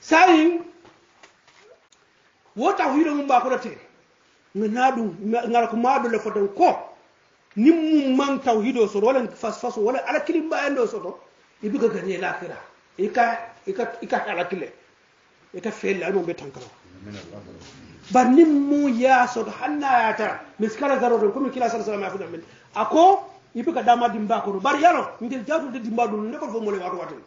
sayin wo tawhido mun ba ko te na dum ngara ko ma le ko nim mun man tawhido so wala fas fas wala ala kilim ba endo so to ibi ka gane lakira ika ika ika ala kile ita la no be kala ba nim mu ya so to hanna ya ta miskala zaroro ko mi kila sallallahu alaihi wasallam afudan min ako ibi ka dama dimba ko bar yalo ngel jawtu de dimba dum ne ko fo mo le wato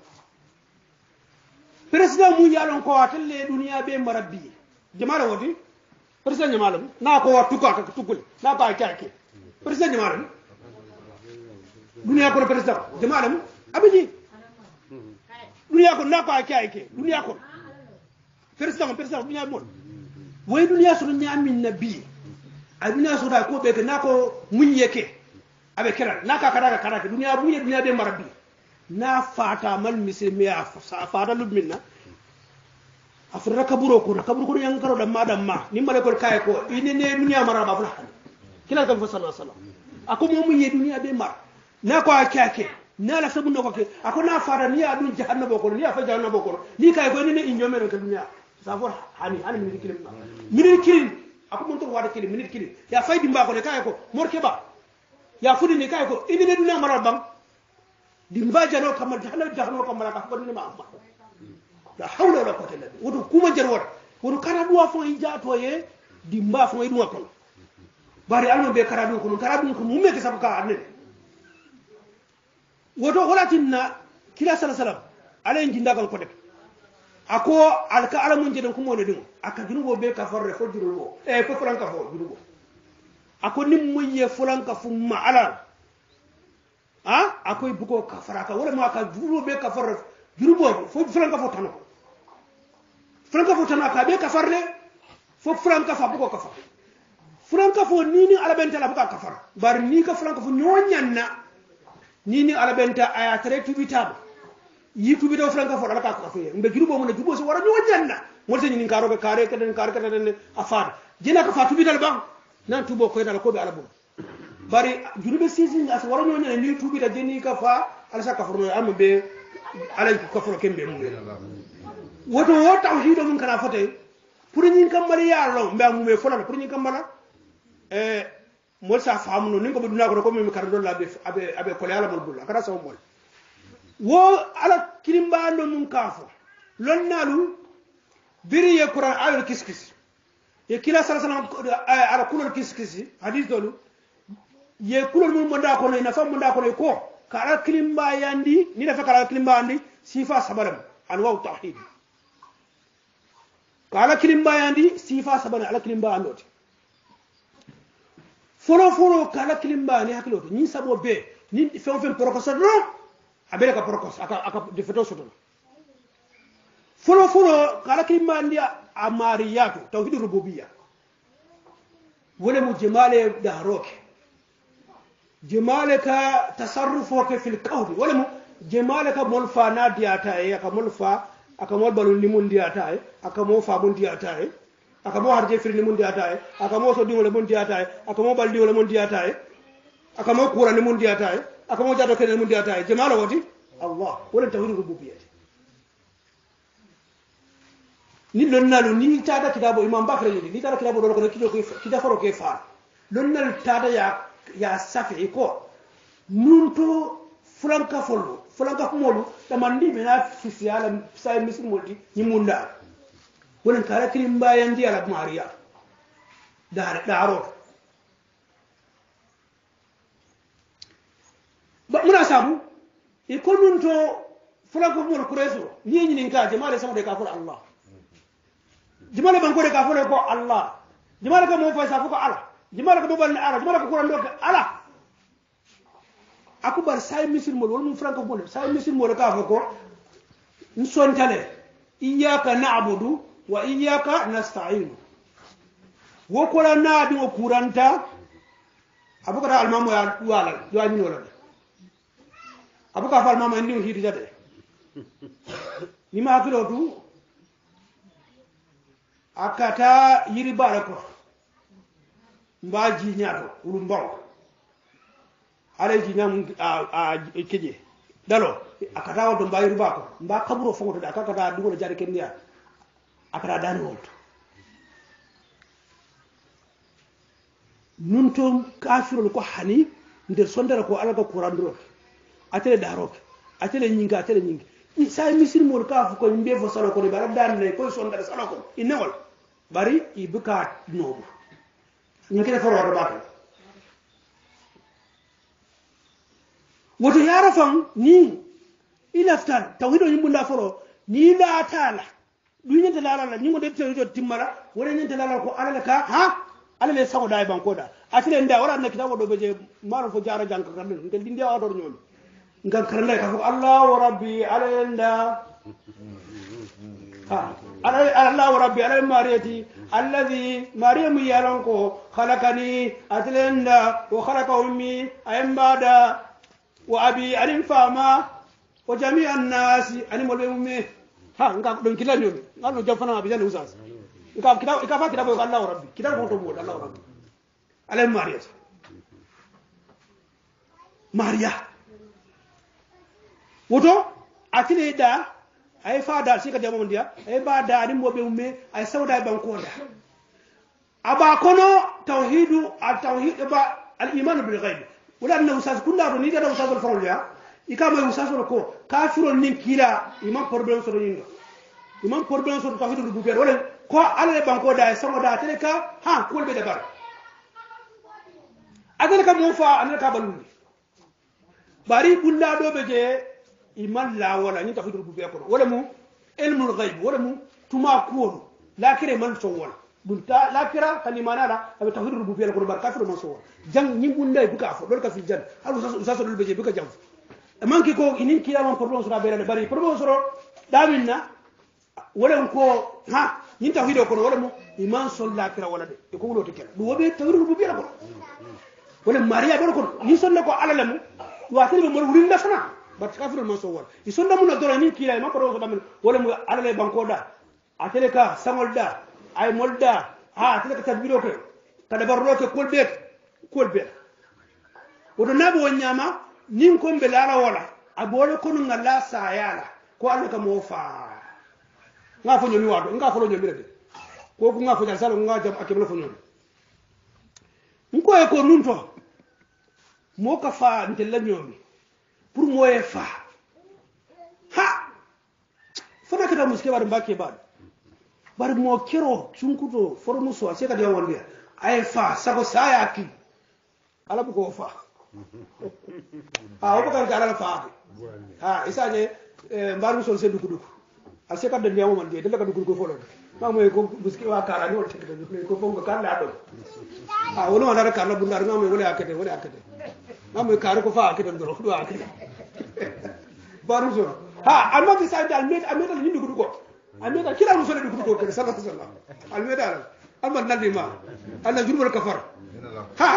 President mu yalon ko watal le duniya be marabbi jamara wodi president jamala na ko watu ko ka tukul na ba ka president président jamala duniya ko président jamala abiji duniya ko na ba ka ke duniya ko président president duniya mo way duniya so amin nabi a duniya so da ko be na ko munyeke abe kera na ka kara ka kara duniya mu duniya be marabbi na fata mal misilmi a fata lubmin na a fi rakaburo ko rakaburo ko yan karo da ma ni male ko kai ko ini ne duniya mara ba fula kila kan fa sallallahu alaihi wasallam ako mo mun ye duniya be mar na ko akake na la sabu ko ke ako na fara ni adun jahannabo ko ni afa jahannabo ko ni kai ko ni ne injo men ka duniya safor hani hani min kilim min kilim ako mun to wada kilim min kilim ya faydi mba ko ne kai ko morke ba ya fudi ne kai ko ini ne duniya mara bang limba jano kamma jahanna jahano kamma la ko ni ma amma la hawla wala quwwata illa billah wodu kuma jar wala wodu kara du wa fon hijja to ye limba fon yi dunga kon bari alma be kara du ko non kara du ko mumme ke sabu ka anne wodu wala tinna kila sallallahu alayhi jinda gal ko de ako alka ala mun jeden kuma wona dum aka dunugo be ka farre fo dirugo e fo franka fo dirugo ako nim mun ye fulanka fu ma ala a ah, akoye bugo kafara ka walama ka jurubo be kafar jurubo fo franka fo tano franka fo tano ka be kafar le fo franka fa bugo kafar franka fo nini alabentala buga kafara bari ni ka franka fo ñoñanna nini alabenta aya tere tubitaba yi tubito franka fo alaka kafuye mbe jurubo mun jurubo so wara ñoñanna molta ñini karoɓe kaare kaden kaare kaden a faata jena ka fa tubital ban nan tubo koytala koɓe ala bum bari julube sisin asa wara ñoo ñene ni tuubi ta da jeni ka fa ala sa kafurno am be ala ko kafuro kembe mu woto wo tawhido mun kana fote pour ñin kam mala ya lo mba mu me folan pour ñin kam mala eh mol sa faamu no ni ko duna ko ko mi kar do la be abe abe ko yalla mol dulla kara sa mol wo ala kilimba no mun kafo lon nalu biri ye qur'an ayol kiskis ye kila sallallahu alaihi wasallam eh, ala kulul kiskisi hadith dolu ye kulol mun munda kono ina fam munda kono ko kara klimba yandi ni da fa kara klimba andi sifa sabaram anwa tawhid kala klimba yandi sifa sabaram ala klimba andoti foro foro kala klimba ni hakilo ni sabo be ni on fen prokosa do abele ka prokosa aka aka defeto soto foro foro kala klimba andi amariyatu tawhidur rububiyya wala mu da roke jemaleka tasarrufoke fil kawri wala mo jemaleka mol fa na diyata e aka mol fa aka mol balu ni mun diyata e aka mo fa mun diyata e aka mo harje fir ni mun diyata e aka mo so dingole mun diyata e aka mo baldi wala mun diyata e aka mo kura ni mun diyata e aka mo jado ken mun diyata e jemalo wati allah wala tawhid rububiyyah ni lon nalu ni tada kitabo imam bakra e ni ni tada kitabo do ko kido ko kida foro ke fa lon nal tada ya ya safi ko nunto fulanka follu fulanka kumolu tamandi mena fisi ala sai moti. Ni munda wolen kala kilim bayan di ala maria dar daro ba muna sabu e ko nunto fulanka kumolu kureso ni nyinin ka jama'a sama de ka fur allah jama'a ban ko de ka fur ko allah jama'a ka mo fa safu ko allah jimara ko dogal ne ala jimara ko kuran dogal ala aku bar say misir mo wala mu franco mo say misir mo ka ko nson tale iyyaka na'budu wa iyyaka nasta'in wo kola naadi o kuranta abukata almamu ya wala ya ni wala abuka fal almamu ndi hiti jate ni ma akiro tu akata yiri bara mba jiñaato wulu mbaw ala jiñam keje dalo akata wadde mba yeru bako mba kaburo fogotoɗe aka kata dugola jaade kenniya akata dani wolto nun to kafirol ko hani nder sondara ko alaga kurandiroke atele daroke atele nyinga atele ñinga sa misilmol ka fu ko mbe fo salo kono ɓe aɗa ne k'o koye sondere salo kono innewol ɓari ibuka nooma ñinkene foro wato ɓato woto ya rafan ni i laftan tawhido ñimbunda foro ni la ɗum la laalala ñingo de la timmala wona ñanta laalala ko alala ka ha ala le sago daye bankoɗa atile nda wala anna kitabo ɗo ɓeje maɗon fo jara janka karle ngel ɗi nde awator ñoomi ngam karle ka fo allah wa rabbi ala nda allah wa rabbi ala mariyati الذي مريم يالونكو خلقني أتلندا وخلق أمي بعد وأبي أرين فاما وجميع الناس أني مولي أمي ها نكا دون كلا نيوم نالو جفنا بيزان وساس نكا كتاب نكا كتاب كتاب الله ربي كتاب كنتو بود الله ربي على ماريا ماريا وتو أتلندا ay fa dal sika jamo ndiya ay ba dari mo be umme ay sawda banko da aba kono tawhidu al tawhid ba al iman bil ghaib wala annahu sas kunna ni da sas al farul ya ikama sas ko kafiro nin kila iman problem so nin iman problem so tawhid du ber wala ko ban banko da ay sawda tele ka ha ko be da bar adan ka mo fa ka balu bari bulla do be je iman la wala ni tafidul rububiyya kono wala mu ilmul ghaib wala mu tuma kuwolu lakire man so wala dun ta lakira kalimanala abe tafidul rububiyya kono bar kafiru man so wala jang ni bunda buka afo dol kafil jan halu saso dol beje buka jang man ki ko inin kiyama problem sura bere bari problem sura daminna wala ko ha ni tafidul kono wala mu iman so lakira wala de e ko wulo to kala du wobe tafidul rububiyya kono wala mariya bere kono ni sonne ko alalamu wa tani mo wurinda fana bar kafirol man so wala i sonda mun na dora min kiila ma koto soɗa min wala mu ala la banko da atele ka saŋol da ay mol ha atele ka tadbiro ke ka dabarro ke kol beet kol beet woto ñama nin kon ɓe laala wala aɓe wole konu ga la sayala ko allah ka moo nga fo ñomi waato nga folo ñomire de ko ku nga fo jal sala nga jam akebla fo ñomi nkoye ko nun to moo ka ntella ñoomi pour moye fa ha fana kata muske bar mbake bar bar mo kero cunkuto formuso ase kadi wonge ay fa sago saya ki ala ko fa ha o bakar ka ala fa ha isa ne eh, mbar muso se duku duku ase kadi ndiya mo mande dela kadi duku folo ma mo ko muske wa kara ni o tekka ko fongo kala do ha wono ala kala bundar ngam wala akete wala akete namu karu ko faa kidan doro do akida baru so ha amma bi sa da almet almet al hindu gudu ko almet al kila rusul gudu ko sallallahu alaihi wasallam almet al amma nalli ma alla jurbal kafar ha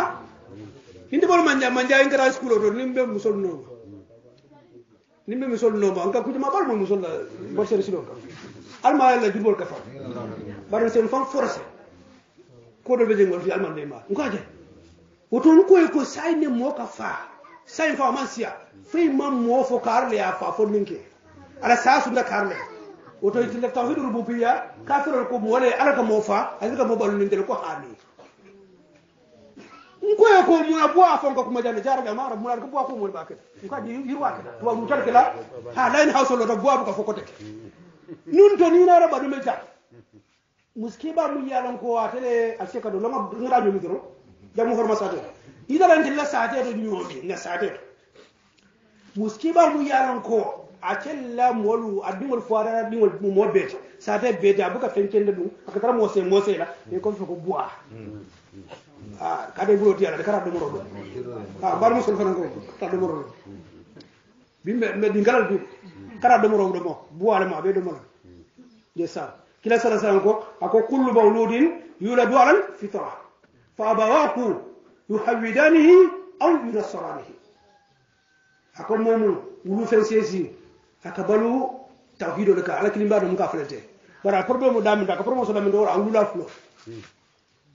hindi bol manja manja ingara school do nimbe musul no nimbe musul no ma anka kujuma bal mo musul bol sere silo alma alla jurbal kafar baru sen fam force ko do be jengol fi alman de ma ngaje utun koy ko sai ne mo ka fa sai fa man siya fai man mo fo karle ya fa fo ninke ala sa su da karle oto itinde tawhid rububiyya kafirol ko mo wala ala ka mo fa ala ka mo balu nindel ko hani nkoye ko muna bowa fonko kuma jande jaragal mara muna ko bowa ko mon bakete nkadi yirwake to mu tan kala ha lain hawso lo to bowa ko foko teke nun to ni nara ba dume jar muskiba mu yalan ko atele aseka do longa ngara nyomi dro jamu horma sate idarante la sate to ñooɓe na sate muski ba mu yalan ko a kella molu a fuara foara dingol mo beete sate beete a buka fenkende ɗum aka tara mose mose la ko ko mais comme foko boa a kade ɓuroti ala de kata ɗomoro ɗum a mbar musol fana ko kata ɗomoro ɗum bimɓe ɓe ɗi ngalal duuɓe kata ɗomoro ɗum o boale ma ɓe ɗomoro nde sa kila sala sala ko ako kullu bawludin yuladu alal fitrah فأبواه يحودانه أو ينصرانه أكون مومو ولو فنسيسي أكبلو توحيد لك على كلمة بعد مكافلته برا كبرم دامن دا كبرم سلام دور أولو لا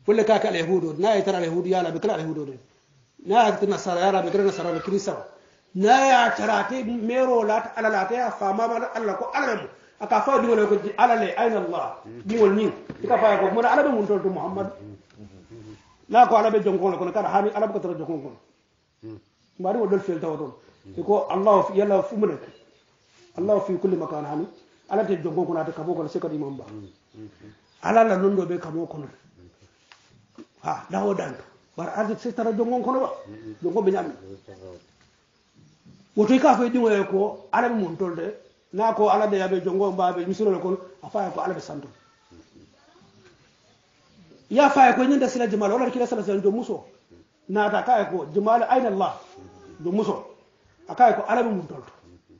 فلو كاك اليهود نا يترى اليهود يا لا اليهود نا يترى النصارى يا لا بكرا النصارى الكريسة نا يترى تي ميرو لا على لا تي فما ما الله كو علم أكافا دي ولا كو على لي أين الله دي والنين كافا يكو من على بمن محمد na ko alla ɓe jonkonlo kono kada hani alla bokotara jonkon kono mbaɗi woɗol fel tawa toon eko allah yalla fumune allah fi kulle makan hani alla te jonkon kono ate kamo kono se kadi imam ba ala la non ɗo ɓe kamo kono ha dawo danto bar arde se tara jonkon kono ba jonkon ɓe ñami woto ka fo e ɗigoye ko alla ɓe mon tolde na ko alla de yaɓe jonngo mbaɓe misirole kono a faya ko alla ɓe santol ya fa ko nyanda sila jimal wala kila sala do muso na ta kay ko jimal ayna allah do muso akay ko alabi mun tolto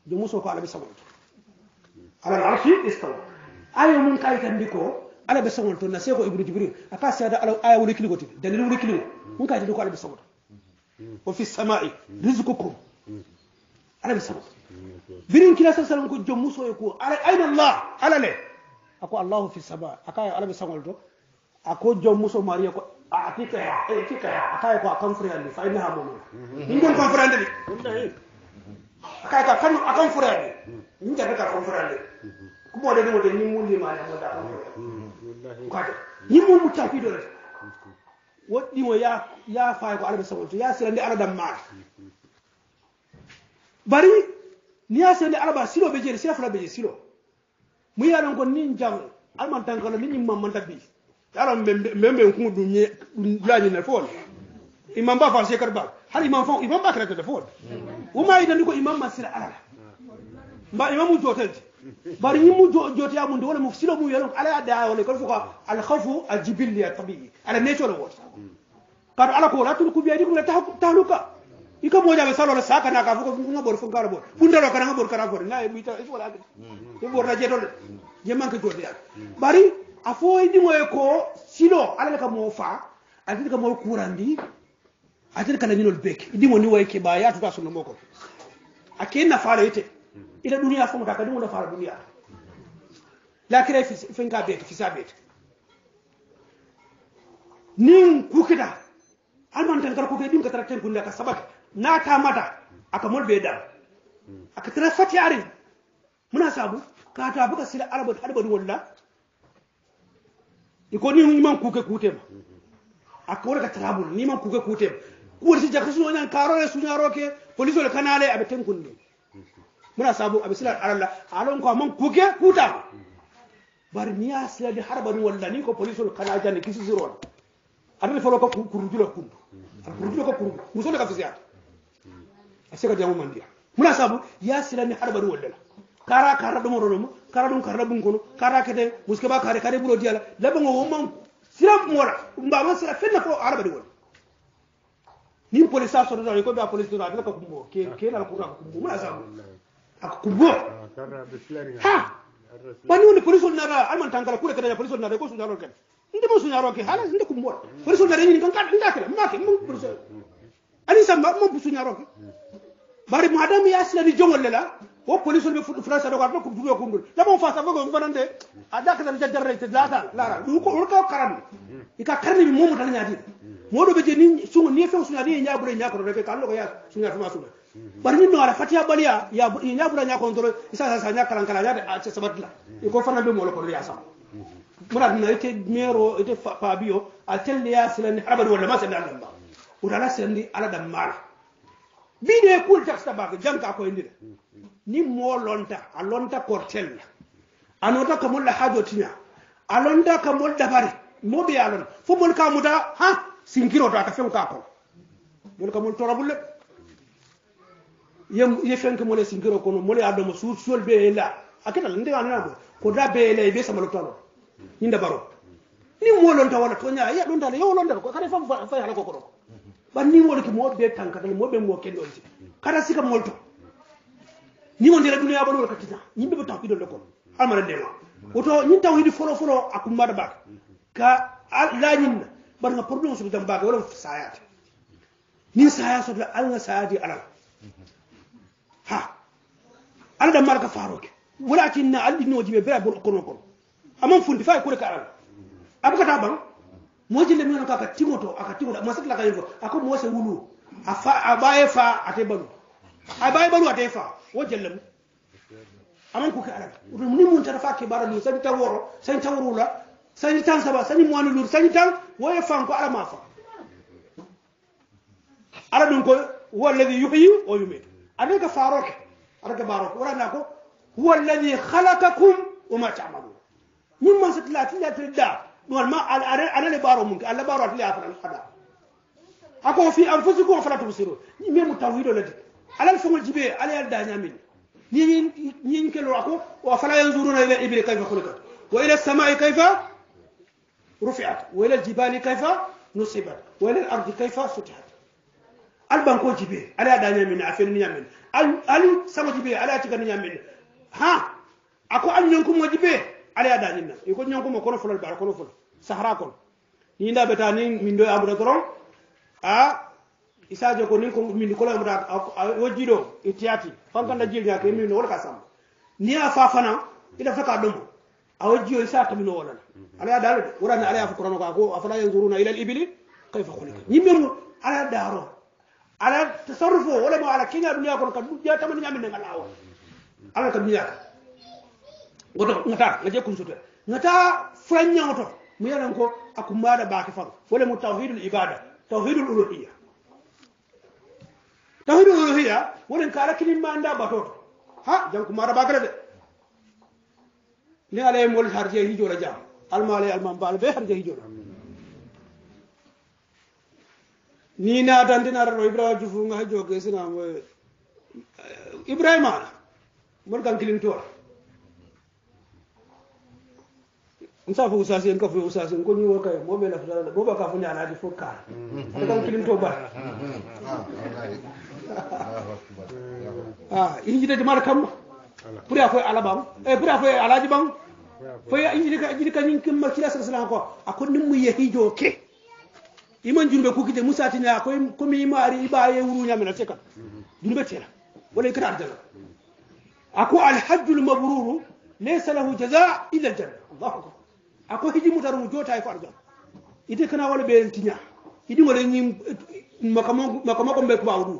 do muso ko alabi sabanto ala arshi istawa ayo mun kay tan diko alabi sabanto na sey ko ibnu jibril aka sey da ay wala kili goti dalil wala kili mun kay diko alabi sabanto wa fi samai rizqukum alabi sabanto birin kila sala sala ko jom muso ko ayna allah alale ako allah fi sama aka alabi sabanto ako jom muso mari ko a ah, ti kaya e ti eh, kaya akay ko akon frère ni fa ina mo ni ngem kon frère ni a ka kan akon frère ni ni ta ka kon frère ni ku mo de ni mo de ni mun ni ma ya mo da kon frère ka ni mo mu ta fi do wodi mo ya ya fa ko arabe sawon to ya ala da ma bari ni ya ala araba silo be jeri sila fula bɛ jeri silo mu ya don ko nin jang ni tankalo nin mamman tabbi yaro membe nku dunye dunyaji na fol imam ba farse karba har imam fa imam ba kare ta fol uma idan ko imam masira ala ba imam mu jotel bari ni mu jote ya munde wala mu silo mu yalo ala da wala ko fuka al khawfu al jibilli al tabi'i ala natural word kar ala ko la tulku bi adikum la tahluka ika moja be salo la saka na ka fuko funga bor funga bor funda ro kana bor kana bor ngai bi ta wala ke bor na jetol je manke jote bari a idi ye ko sino alla le ka moo fa atene ka moo kurandi atene ka lañinol beeke diŋo ni waye keba ya tuta sondomo ko a ke nafaala yete ila duniya fomuta ka diŋo nafaala duniya lakira fenka beete fisa beete nin kukita almantan kala kuke ɗin ka tara ten kunde aka sabata na ta mata aka mol ɓe dar aka tara fatiyari muna sabu ka ta buka sila alabad alabad walla iko ni man kuke kute kutem akore ka trabul ni man kuke kute kutem ko si jakka sunu nan karore sunu roke police le kanale abe ten kunde muna sabu abe sila aralla alon ko man kuke kuta bar niya sila di harba ni wala ni ko police le kanale jan kisi zero adal folo ko kurujula kundu kurujula ko kuru musole ka fisiya aseka jamu mandia muna sabu ya sila ni harba ni wala kara kara ɗum oɗonoma kara ɗum karata bun kono kara kete buske ba kare kare ɓuuro diyala laɓogo womman sira moɗa mbama sira fenna fo araɓaɗi wona nin police a sototani ko ɓe ah, police toto abila ka kumbo kenala kuta ka kumbo muna samu aka kumbo ha wani wonde police ol nata alman tankala kuure kadaña police ol nata ko suñaro kene ndema suñaro ke haala nde kumboɗa police ol nata ñini kan kaɗa ndakela make mm, mm, mm. ani samba mam suñaro ke bari madame ye asilani jogol lela o police be fula sa dogar ko dulo ko ndul la mo fa sa fogo banande ada ka tan jarre te lata lara du mm. ko urka karam mm. ika karni bi momo tan nyaadi modo mm. be jeni sungo ni fe sunga ni nyaabure nyaako do be kallo ko ya sunga fama sunga mm-hmm. bar ni no ala fatiya baliya ya nyaabura nyaako ndoro isa sa sa nyaakalan kala ya a ce sabatla mm-hmm. iko fana be mo lo ko ya sa murad na ite mero ite fabio atel ya silani harabal wala ma sallallahu alaihi wasallam udala silani ala damara mbiɗo e kuul taxta baka janka ko endira ni mo lonta a lonta kortel la a nota ka molɗa haajo tiña a lonta ka molɗa bare mo ɓe a lona fo mol ka muta ha sinkiro to aka fewka kon mol ka mol torabulle ye ye fenke mole sinkiro kono mole adoma suursuol be la a ketala ndega nanaɓo ko da be la be samalotalo ñinda baro ni mo lonta wala toña ya lontala yo lontal ko kare fa fa hala kokoroko banni wolu ke moɓe tanka da moɓe mo ken do ci kada sika molto ni mo ndira dunya bonu ka tita yimbe ba tawhidul lako amal de wa woto ni tawhid foro foro akuma da ba ka la nyin bar nga problem su dam ba wala sayat ni saya so da alla sayati ala ha ala da malaka faroke wala kinna alli no jibe bra bon ko no ko amon fundi fay ko ala abaka ta bang moji mi meno timoto aka timoto masa ka yego ako mose wulu afa abaye fa ate balu abaye balu ate fa wo jellem aman ku ka ala ni mun tan fa ke bara ni san taworo san tawrula san tan saba san mwani lur san tan wo ye fa ko ala ma fa ala dun ko huwa alladhi yuhyi wa yumiitu alayka faroke alaka barok wala nako huwa alladhi khalaqakum wa ma ta'malun mimma satlatil da دول ما انا انا اللي بارو ممكن الله بارو اتلي افنا خدا اكو في انفسكم فلا تبصرون ني ميم توحيد لدي على الفم الجبي على يدا نامين ني ني نكلو اكو وفلا ينظرون الى الابل كيف خلقت والى السماء كيف رفعت والى الجبال كيف نصبت والى الارض كيف سطحت البنكو جبي على يدا نامين عفن نامين ال سما جبي على تكن نامين ها اكو ان ينكم وجبي على يدا نامين يكون ينكم كون فلان بار كون فلان sahara kono ni nda beta ni min do abuda doron a isa je ko ni ko min ko la mudat lamuda wojido itiyati fanka na jirga ke min wol ka sam ni a fa fana ila faka dum a o wojiyo isa ta min wala ala dal wala na ala fa qur'an ko ko afala yanzuruna ila al-ibli kayfa khuliqat yimmin ala daro ala tasarrufo wala ma ala kinga dunya ko kan dujja tamani nyamin ngal lawo ala kan dunya ko goto ngata ngaje kun sotel ngata franyangoto mu yaran ko ako mbaɗa baake faru fole mo tawhidul ibada tawhidul uluhiya tawhidul uluhiya wonen ka ala kilin ma anda batoto ha janko mbaɗa baakere de ni alaye mbolis har jeehi jola jam alma alaye alma mbaala be har jeehi jola ni na dandi na rano ibrahima jufu nga hajo ke sina eh, ibrahima mon kan kilin tora nsafa usasien kafu usasien ko ñiwo kay bo mena futana bo ba kafu ñana mm-hmm. di fokka kam to ba mm-hmm. ah inji de mar kam pour ya ala alabam e pour ya foy alaji bam foy inji de inji de kanin kim makira sallallahu ko akon nim mu yehi jo ke iman junbe be kite musa tinya ko ko mi mari ibaye wuru nyamena seka mm-hmm. junbe tela wala ikra arjala ako al hajjul mabruru laysa lahu jazaa illa al janna akbar ako hiji mutaru mu jota ko arjan ite kana wala be tinya hiji ngole nyim makamo makamo ko be ko awdu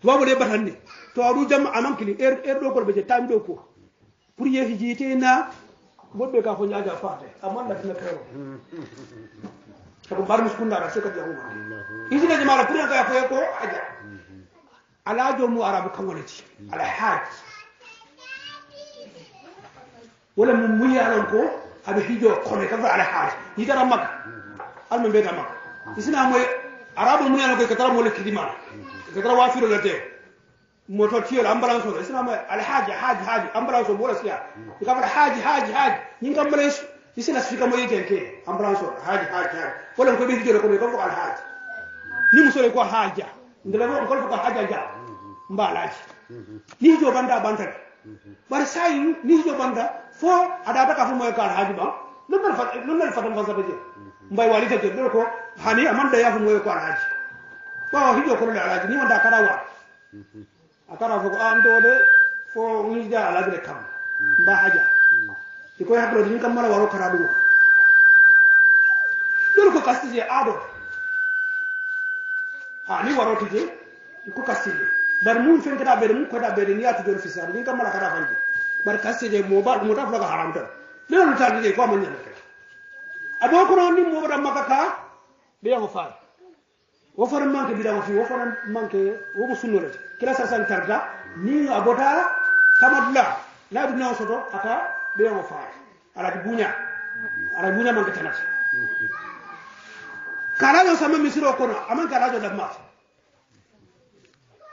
to wala batanne to awdu jam anam kili er er do ko be time do ko pour ye hiji te na wobbe ka fo nyaaja faate amman na tina kero ko barmus kunda ra sekati yahu hiji na jamaara pour ka ko ko aja ala mu arabu kan wala ci ala haji wala mu muyi ko aɓe hijo kono kafra aɗa haala yitata makka alma mbiyata makka isina moye arabol mun yanokoy katara mole kidimala katara wafirole tew moto tiyol ambulance ola isina moye ala haaji haaji haaji ambulance o ɓola siya ikafata haaji haaji haaji ñin kammala isina sifika moye ten ke ambulance ola haaji haaji haaji wolen koɓe hijole kono kam foko ala haaji ni musole ko haaja ndelao kol foko haaja ja mba ni hijo banda bantata bara sayi ni hijo banda fo adata ka fumoy kar hajuma nonnan fat nonnan fatam fasata je mbay wali ta joddo ko hani amanda ya fumoy kar haji ba hijo ko le haji ni wanda kara wa akara fo ko an do de fo ngi da ala de kam mba haja ti ko hakro din kam mala waro kara do dol ko kastije ado hani waro tije ko kastije bar mun fen kada be mun ko da be ni ati do fisar din kam mala kara fanje barkasi de mo bal muta flaga haram ta le lu tan de ko man ne ka ado ko ni mo bada maka ka be yo fa wo fa far manke bi da fi wo fa far manke wo bu sunno la kila sa san tarda ni abota tamadla la la du dina soto ata be yo fa ala di bunya ala bunya manke tanata karajo sama misiro ko kono aman karajo da ma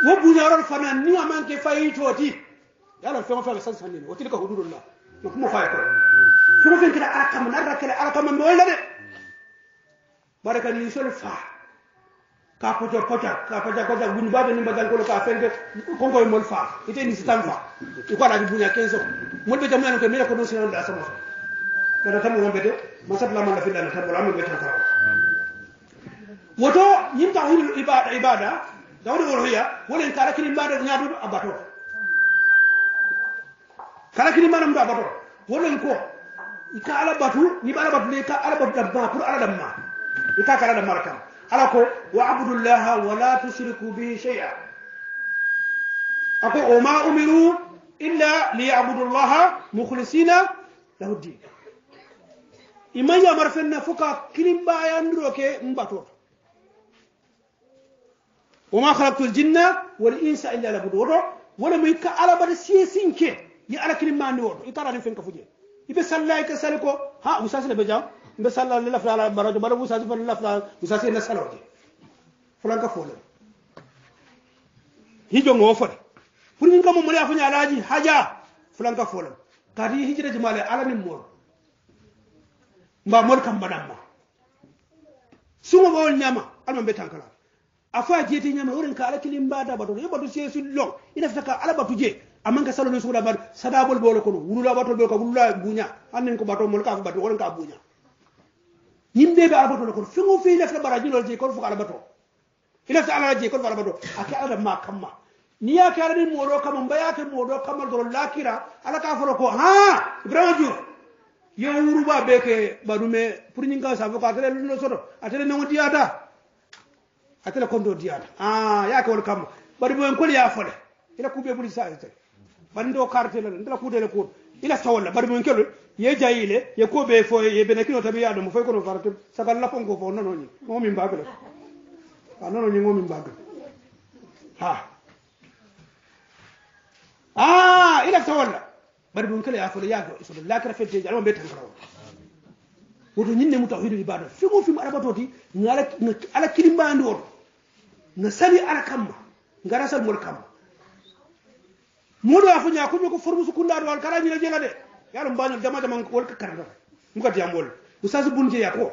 wo buñarol fana niwa manke fayi cooti e yalon feŋo feŋ san sanni wo tilka hududullah no kuma faye ko feŋo feŋ kita ala kama narra kele ala kama de bare ni sol fa ka pojo poja ka poja poja buñu babe ni bagal kolo ka fenke konko e mol fa ite e ni sitan fa e ko ala buña kenso mol be jamu ko mele ko do sinan da sama kada tamu won bete masab la man la filla na tabu la man be tan tawo woto yimta hulu ibada ibada داوود وره يا ولين كاركني ما دغنا دو اباتو كاركني ما نمدو اباتو ولين كو يكا على باتو ني بالا باتو ليكا على باتو دبا قر على دما يكا كار على ماركا على كو وعبد الله ولا تشركوا به شيئا اكو وما امروا الا ليعبدوا الله مخلصين له الدين إما يا مرفنا فوكا كريم بايان روكي مباتور وما خلقت الجن والإنس إلا لبدور ولا يك على بر سيسينك يا على كلمة نور يترى فين كفوجي يبي صلى يك سالكو ها وساس لبجا يبي صلى الله فلا برج بر وساس فلا فلا وساس نسال وجه فلان كفول هيجو غوفر فرين كم مليا فني علاجي حاجة فلان كفول كاري هجرة جمالة على نمور ما مول كم بدم ما سوما بول نعمة ألم بيتان كلام afa jeti nyama urin ka alakili mbada bato yo bato sesu long ina fitaka ala bato je amanka salo nesu dabar sadabol bolo kono wulula bato bolo ka wulula bunya annen ko bato mol ka bato orin ka bunya yimbe be ala bato kono fi lafta baraji lol je kono fuka ala bato ila sa ala je kono ala bato aka ala ma kamma ni ya kara ni modo kama mbaya ke modo kama dol lakira ala ka foro ko ha ibrahim ju yo wuruba beke badume pour nyinga sa ko akere luno soto atele nongo diada atela kondo diyata ah yake wol kam bari mo en kol ya fole ila kuɓe ɓuuri sa te bari ndo kartela ndela kuudele kuuɗo ila sawolla bari mo en kelol ye jayile ye koɓe fo ye benakino tabi yaɗomo foy kono farate sagal lafongo fo nonoñi momin mbagala a nonoñi momin mbagala ha ah ila sawolla bari mo en kela ya fole yago soɗo lakira fetteji alama mbe tankarawo woto ñinne mu tawhidu ibada fimo fimo aɗa batoti ala kilimbandi oto na sali ala kamma ngara sal mol kam modo afu nya ko ko formu su kunda wal karaji la jela de yalla mbañu dama wal ka karda mu kat yam bunje ya ko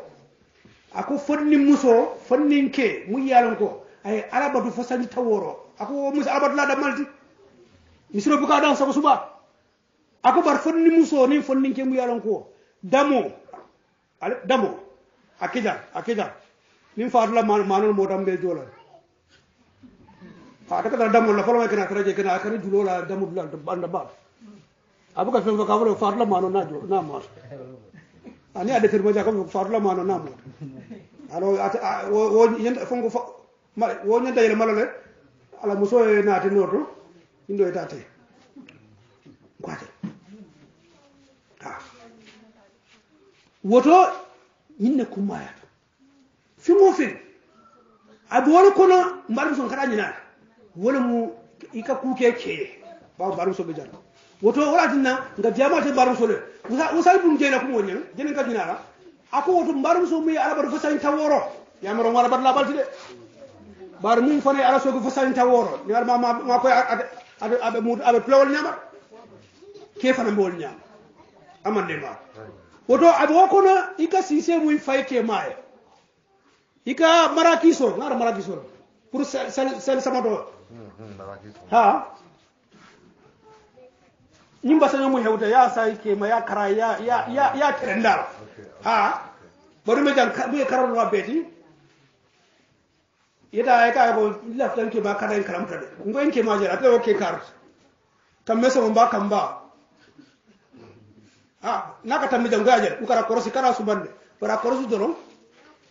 ako fonni muso fonni ke mu yalon ko ay arabatu fasani taworo ako muso arabatu la da misro buka dan sako suba ako bar fonni muso ni fonni ke mu yalon ko damo damo akida akida nim faatu la manol modam be jolal a ta haɗa kada damulla folo kena taraje kena akani julola damulla anda baɗo abuka fen ka fɔ folo farla mano na jo na mano ani ah, ade firma ja kam farla mano na mano alors ah, wo yenda fonko wo yenda yele malale ala muso e naati noto indo e tate kwate woto ne yinne kummayata fimo fen aɓe wona kono mbaɗa son kaɗa ñinaade wolemu ika kuke ke ba baru so bejar woto walatinna nga jama te baru so le usal bu ngeena ko wonya jenen ka dinara ako woto baru so mi ala baru fasan taworo ya maro wala bat la balti de bar mum fane ala so ko fasan taworo ni ma ma ko ade ade mu ade plawol nyama ke fana bol nyama amande ma woto ko na ika sise mu fay ke maye ika marakiso ngara marakiso pour sel sel sama do Mm-hmm. ha yin ba sanin mu yauda ya sa yake ma ya kara ya ya ya ya ha bari me kan me karar wa beti yada ya ka go laftan ke ba karan karamta de ngo en ke ma jira to ke kar kan me so ba kan ba ha naka tammi dan ga ku kara korosi kara su bande bara korosi doron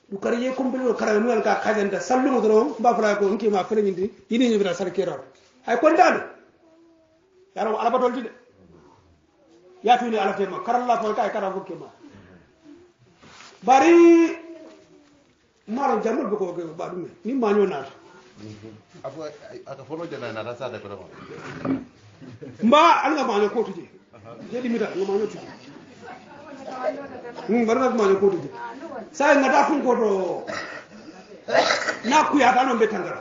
dukar ye kumpilol karawe nuwal ka kajanta sallumo b'a mbafula ko nkima fereñindi yini ñubita sar keror hay kontano yaraw alabatolti de yatuni alatema karalla fo kay kara fo kema bari maro jamol boko ko ba dum ni ma ñoo naata apo aka folo jana na sa de ko mba alga ma ñoo ko tuji je dimita ngam ma ñoo tuji mbaɗ hmm, watmaño kotude sa ngata fun koto nakkuya tanoɓe tangara